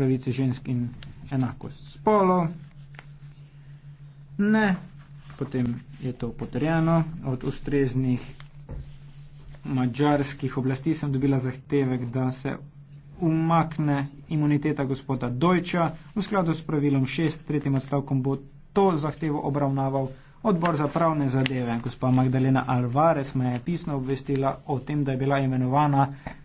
pravice žensk in enakost spolo. Ne, potem je to potrjeno od ustreznih mađarskih oblasti. Sem dobila zahtevek, da se umakne imuniteta gospoda Dojča. V skladu s pravilom 6, tretjim odstavkom bo to zahtevo obravnaval odbor za pravne zadeve. Gospa Magdalena Alvarez me je pisno obvestila o tem, da je bila imenovana.